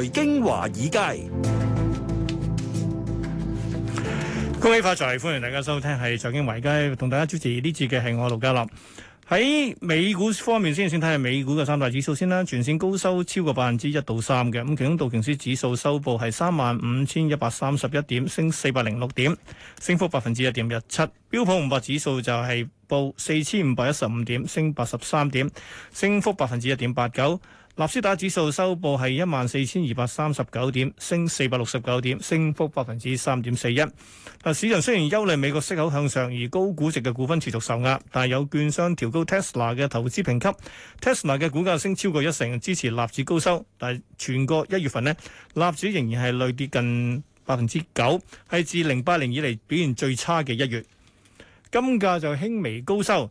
財經華爾街，恭喜發財！歡迎大家收聽，係財經華爾街，同大家主持呢節嘅係我盧嘉林。喺美股方面，先算睇下美股嘅三大指數先啦。全線高收超過百分之一到三嘅，咁其中道瓊斯指數收報係三萬五千一百三十一點，升四百零六點，升幅百分之一點一七。標普五百指數就係報四千五百一十五點，升八十三點，升幅百分之一點八九。納斯達克指數收報係一萬四千二百三十九點，升四百六十九點，升幅百分之三點四一。嗱，市場雖然憂慮美國息口向上，而高估值嘅股份持續受壓，但係有券商調高資評 Tesla 嘅投資評級，Tesla 嘅股價升超過一成，支持納指高收。但係全國一月份呢，納指仍然係累跌近百分之九，係自零八年以嚟表現最差嘅一月。金價就輕微高收。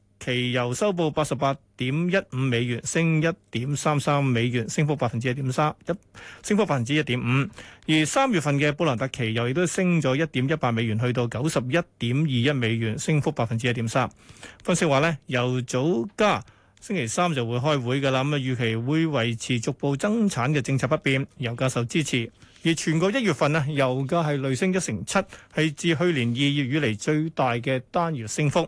期油收報八十八點一五美元，升一點三三美元，升幅百分之一點三一，升幅百分之一點五。而三月份嘅布蘭特期油亦都升咗一點一八美元，去到九十一點二一美元，升幅百分之一點三。分析話咧，油早加星期三就會開會噶啦，咁啊預期會維持逐步增產嘅政策不變，油價受支持。而全個一月份啊，油價係累升一成七，係自去年二月以來最大嘅單月升幅。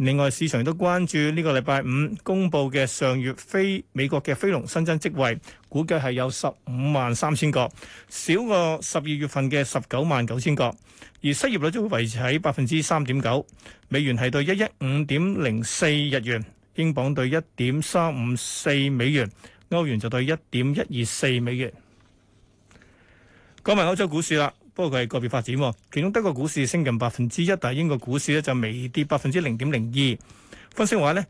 另外，市場亦都關注呢個禮拜五公佈嘅上月非美國嘅非農新增職位，估計係有十五萬三千個，少過十二月份嘅十九萬九千個。而失業率就會維持喺百分之三點九。美元係對一一五點零四日元，英鎊對一點三五四美元，歐元就對一點一二四美元。講埋歐洲股市啦。不過佢係個別發展，其中德國股市升近百分之一，但英國股市呢就微跌百分之零點零二。分析話呢，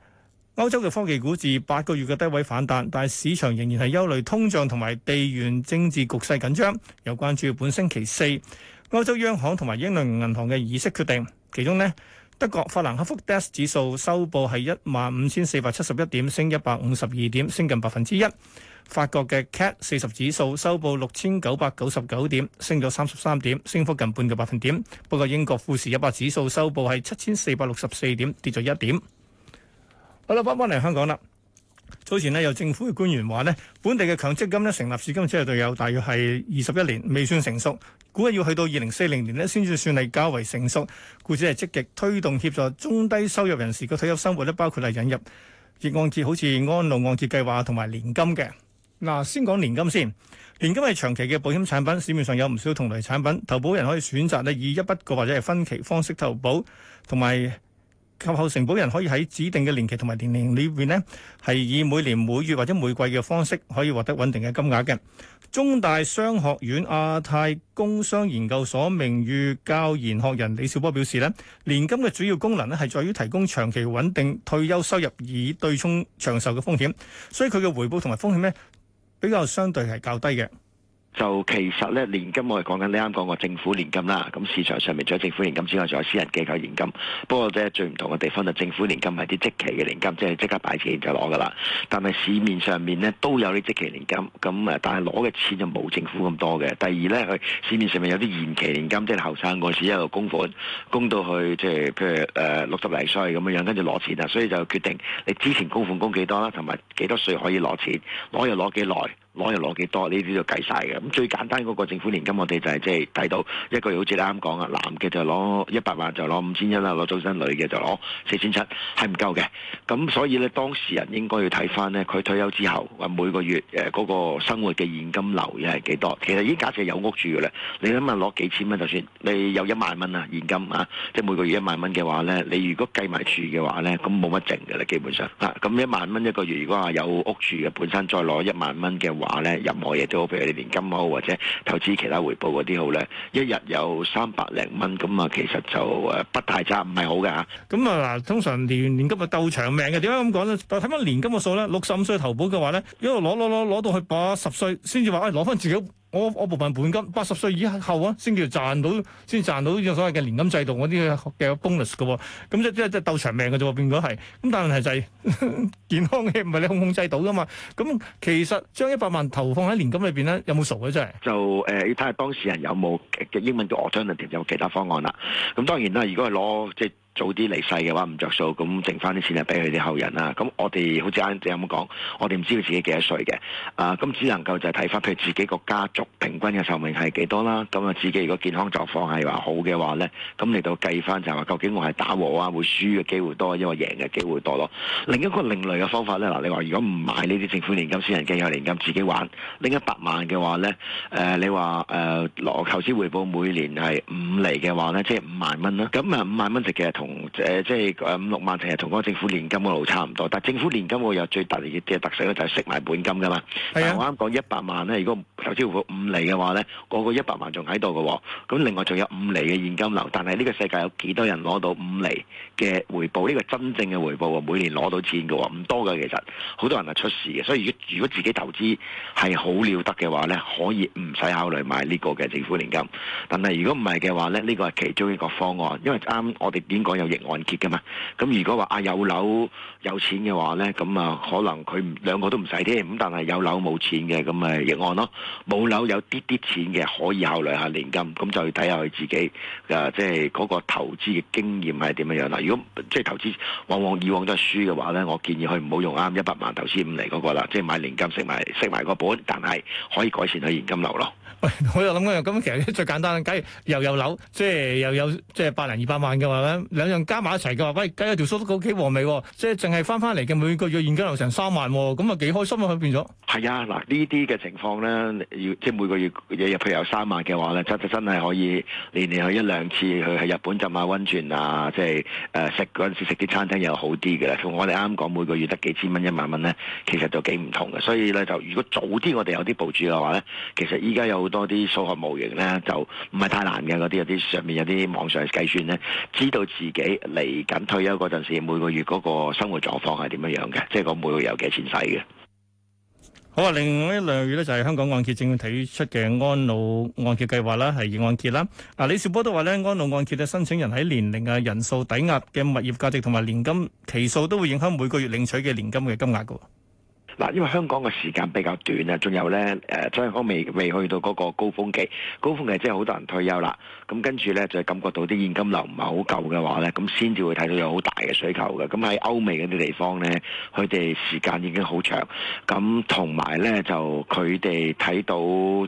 歐洲嘅科技股自八個月嘅低位反彈，但係市場仍然係憂慮通脹同埋地緣政治局勢緊張，有關注本星期四歐洲央行同埋英倫銀行嘅議息決定。其中呢，德國法蘭克福 DAX 指數收報係一萬五千四百七十一點，升一百五十二點，升近百分之一。法國嘅 Cat 四十指數收報六千九百九十九點，升咗三十三點，升幅近半個百分點。不過，英國富時一百指數收報係七千四百六十四點，跌咗一點。好啦，翻返嚟香港啦。早前呢，有政府嘅官員話呢本地嘅強積金咧成立至今即係就有大約係二十一年，未算成熟，估計要去到二零四零年咧先至算係較為成熟。故此係積極推動協助中低收入人士嘅退休生活咧，包括係引入月按揭好似安老按揭計劃同埋年金嘅。嗱，先講年金先。年金係長期嘅保險產品，市面上有唔少同類產品，投保人可以選擇咧以一筆過或者係分期方式投保，同埋及，及後承保人可以喺指定嘅年期同埋年齡裏邊呢係以每年每月或者每季嘅方式可以獲得穩定嘅金額嘅。中大商學院亞太工商研究所名譽教研學人李小波表示呢，年金嘅主要功能咧係在於提供長期穩定退休收入，以對沖長壽嘅風險，所以佢嘅回報同埋風險呢。比較相對係較低嘅。就其實咧，年金我哋講緊你啱講個政府年金啦。咁、嗯、市場上面除咗政府年金之外，仲有私人機構年金。不過即係最唔同嘅地方就政府年金係啲即期嘅年金，即係即刻擺錢就攞噶啦。但係市面上面咧都有啲即期年金，咁啊，但係攞嘅錢就冇政府咁多嘅。第二咧，佢市面上面有啲延期年金，即係後生嗰陣時一個供款供到去，即係譬如誒六十嚟歲咁樣樣，跟住攞錢啊。所以就決定你之前供款供幾多啦，同埋幾多歲可以攞錢，攞又攞幾耐。攞又攞幾多？呢啲都計晒嘅。咁最簡單嗰個政府年金我、就係，我哋就係即係睇到一個月，好似你啱講啊，男嘅就攞一百萬，就攞五千一啦；攞咗身女嘅就攞四千七，係唔夠嘅。咁所以呢，當事人應該要睇翻呢，佢退休之後話每個月誒嗰、嗰個生活嘅現金流又係幾多？其實已經假設有屋住嘅咧，你諗下攞幾千蚊就算，你有一萬蚊啊現金啊，即係每個月一萬蚊嘅話呢，你如果計埋住嘅話呢，咁冇乜剩嘅咧，基本上吓。咁一萬蚊一個月，如果話有屋住嘅本身再攞一萬蚊嘅。話咧，任何嘢都好，譬如你年金好或者投資其他回報嗰啲好咧，一日有三百零蚊咁啊，其實就誒不太差，唔係好嘅。咁啊嗱，通常年年金啊鬥長命嘅，點解咁講咧？但係睇翻年金個數咧，六十五歲投保嘅話咧，一路攞攞攞攞到去八十歲先至話，唉，攞翻自己。我我部分本金八十歲以後啊，先叫賺到，先賺到呢種所謂嘅年金制度嗰啲嘅 bonus 嘅喎、哦，咁即即即鬥長命嘅啫喎，變咗係，咁但係問題就係、是、 健康嘅唔係你控控制到嘅嘛，咁其實將一百萬投放喺年金裏邊咧，有冇傻嘅真係？就誒，要睇、呃、下當事人有冇嘅英文叫 alternative 有冇其他方案啦。咁當然啦，如果係攞即。早啲離世嘅話唔着數，咁剩翻啲錢就俾佢哋後人啦。咁我哋好似啱啱咁講，我哋唔知道自己幾多歲嘅，啊咁只能夠就係睇翻，譬如自己個家族平均嘅壽命係幾多啦。咁啊、嗯，自己如果健康狀況係話好嘅話咧，咁、啊、嚟、嗯、到計翻就係話，究竟我係打和啊，會輸嘅機會多，啊、因或抑或贏嘅機會多咯、啊？另一個另類嘅方法咧，嗱、啊，你、啊、話如果唔買呢啲政府年金、私人嘅年金，自己玩拎一百萬嘅話咧，誒、啊、你話誒攞投資回報每年係五厘嘅話咧，即係五萬蚊啦。咁啊，五萬蚊值嘅係同。嗯呃、即係五六萬，其實同嗰個政府年金個路差唔多。但係政府年金會有最大嘅特色咧，就係食埋本金㗎嘛。的我啱講一百萬咧，如果投資五厘嘅話咧，嗰、那個一百萬仲喺度㗎喎。咁另外仲有五厘嘅現金流，但係呢個世界有幾多人攞到五厘嘅回報？呢、這個真正嘅回報喎，每年攞到錢嘅喎、哦，唔多㗎其實。好多人係出事嘅，所以如果自己投資係好了得嘅話咧，可以唔使考慮買呢個嘅政府年金。但係如果唔係嘅話咧，呢、這個係其中一個方案，因為啱我哋點。講有逆按揭噶嘛？咁如果話啊有樓有錢嘅話咧，咁啊可能佢兩個都唔使添。咁但係有樓冇錢嘅，咁咪逆按咯。冇樓有啲啲錢嘅，可以考慮下年金。咁就要睇下佢自己嘅，即係嗰個投資嘅經驗係點樣樣啦。如果即係投資往往以往都係輸嘅話咧，我建議佢唔好用啱一百萬投資五厘嗰個啦，即係買年金，食埋食埋個本，但係可以改善佢現金流咯。喂，我又諗緊，咁其實最簡單，假如又有樓，即係又有即係百零二百萬嘅話咧。兩樣加埋一齊嘅話，喂、哎，咁有條數都幾和味、哦，即係淨係翻翻嚟嘅每個月現金流成三萬、哦，咁啊幾開心啊！佢變咗，係啊，嗱呢啲嘅情況咧，要即係每個月嘢入譬如有三萬嘅話咧，真真係可以年年去一兩次去日本浸下溫泉啊，即係誒、啊、食嗰陣時食啲餐廳又好啲嘅啦。同我哋啱啱講每個月得幾千蚊、一萬蚊咧，其實就幾唔同嘅。所以咧就如果早啲我哋有啲部署嘅話咧，其實依家有好多啲數學模型咧，就唔係太難嘅嗰啲，有啲上面有啲網上計算咧，知道自己自己嚟緊退休嗰陣時，每個月嗰個生活狀況係點樣樣嘅？即係講每個月有幾錢使嘅？好啊，另外一樣嘢咧就係香港按揭證券提出嘅安老按揭計劃啦，係按揭啦。啊，李兆波都話咧，安老按揭嘅申請人喺年齡啊、人數、抵押嘅物業價值同埋年金期數都會影響每個月領取嘅年金嘅金額噶。嗱，因為香港嘅時間比較短啊，仲有咧，誒，香港未未去到嗰個高峰期，高峰期即係好多人退休啦。咁跟住咧，就感覺到啲現金流唔係好夠嘅話咧，咁先至會睇到有好大嘅需求嘅。咁喺歐美嗰啲地方咧，佢哋時間已經好長，咁同埋咧就佢哋睇到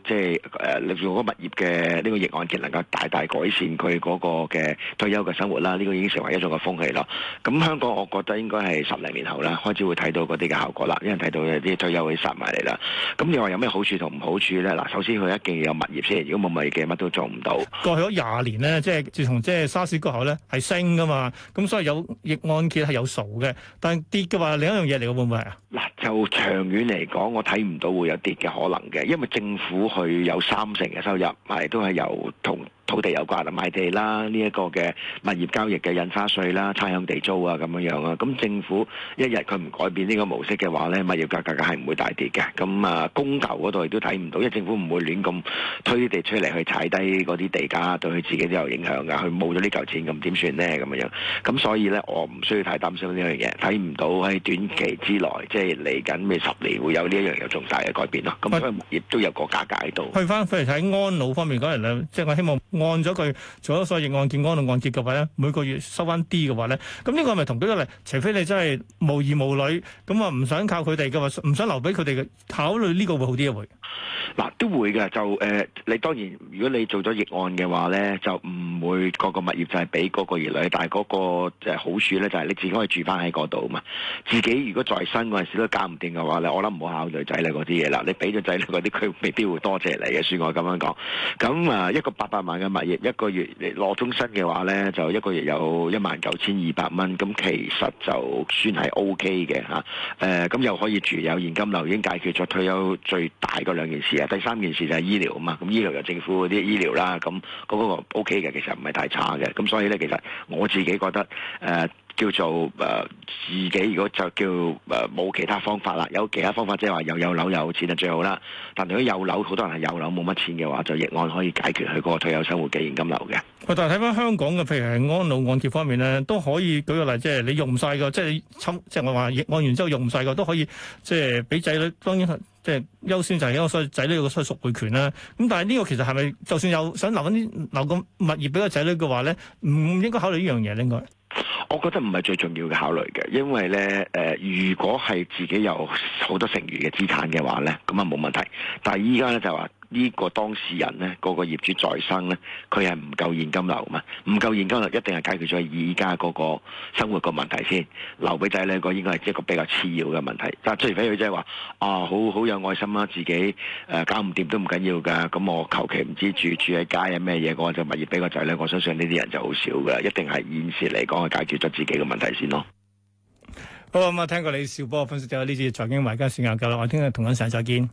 即係誒，令到嗰個物業嘅呢個逆按揭能夠大大改善佢嗰個嘅退休嘅生活啦。呢、這個已經成為一種嘅風氣咯。咁香港我覺得應該係十零年後啦，開始會睇到嗰啲嘅效果啦，因為睇到。佢哋啲退休會殺埋嚟啦。咁你話有咩好處同唔好處咧？嗱，首先佢一定要有物業先，如果冇物業嘅，乜都做唔到。過去咗廿年咧，即係自從即係沙士過後咧，係升噶嘛。咁所以有逆按揭係有數嘅，但係跌嘅話，另一樣嘢嚟嘅會唔會係啊？嗱，就長遠嚟講，我睇唔到會有跌嘅可能嘅，因為政府佢有三成嘅收入，係都係由同土地有關啦，買地啦，呢一個嘅物業交易嘅印花稅啦、差餉地租啊咁樣樣啊，咁政府一日佢唔改變呢個模式嘅話咧，物業價格嘅係唔會大跌嘅。咁啊，供求嗰度亦都睇唔到，因為政府唔會亂咁推啲地出嚟去踩低嗰啲地價，對佢自己都有影響噶。佢冇咗呢嚿錢咁點算咧？咁樣樣，咁所以咧，我唔需要太擔心呢樣嘢，睇唔到喺短期之內，即係嚟緊未十年會有呢一樣有重大嘅改變咯。咁所以亦都有個價格喺度。去翻譬如安老方面嗰陣咧，即係我希望。按咗佢做咗所有案件安頓按，按結嘅話咧，每個月收翻啲嘅話咧，咁呢個係咪同幾多嚟？除非你真係無兒無女，咁啊唔想靠佢哋嘅話，唔想留俾佢哋嘅，考慮呢個會好啲嘅會。嗱，都會嘅，就誒、呃，你當然如果你做咗逆按嘅話呢，就唔會嗰個物業就係俾嗰個兒女，但係嗰、那個、呃、好處呢，就係、是、你自己可以住翻喺嗰度啊嘛。自己如果在生嗰陣時都搞唔掂嘅話咧，我諗唔好考慮仔女嗰啲嘢啦。你俾咗仔女嗰啲，佢未必會多謝你嘅。算我咁樣講。咁啊、呃，一個八百萬嘅物業，一個月攞終身嘅話呢，就一個月有一萬九千二百蚊。咁其實就算係 O K 嘅嚇。咁、啊呃、又可以住有，有現金流已經解決咗退休最大嗰兩件事啊。第三件事就係醫療啊嘛，咁醫療就政府嗰啲醫療啦，咁嗰個 O K 嘅，其實唔係太差嘅，咁所以咧其實我自己覺得誒。呃叫做誒、呃、自己，如果就叫誒冇、呃、其他方法啦，有其他方法即係話又有樓有錢就最好啦。但如果有樓，好多人係有樓冇乜錢嘅話，就逆按可以解決佢嗰個退休生活嘅現金流嘅。但係睇翻香港嘅譬如係安老按揭方面咧，都可以舉個例，即係你用晒個，即係抽，即係我話逆按完之後用唔晒個都可以，即係俾仔女當然係即係優先就係因為仔女個所屬權啦。咁但係呢個其實係咪就算有想留緊啲留個物業俾個仔女嘅話咧，唔應該考慮呢樣嘢，應該？我覺得唔係最重要嘅考慮嘅，因為咧，誒、呃，如果係自己有好多剩餘嘅資產嘅話咧，咁啊冇問題。但係依家咧就係話。呢個當事人呢，嗰個業主再生呢，佢係唔夠現金流嘛？唔夠現金流，一定係解決咗而家嗰個生活個問題先。留俾仔呢個應該係一個比較次要嘅問題。但係除非佢即係話啊，好好有愛心啦，自己誒、呃、搞唔掂都唔緊要㗎。咁、嗯、我求其唔知住住喺街啊咩嘢，我就物業俾個仔呢。我相信呢啲人就好少㗎喇，一定係現時嚟講係解決咗自己嘅問題先咯。好咁啊、嗯，聽過李兆波分析咗呢次財經買家時間夠啦，我聽日同緊上再見。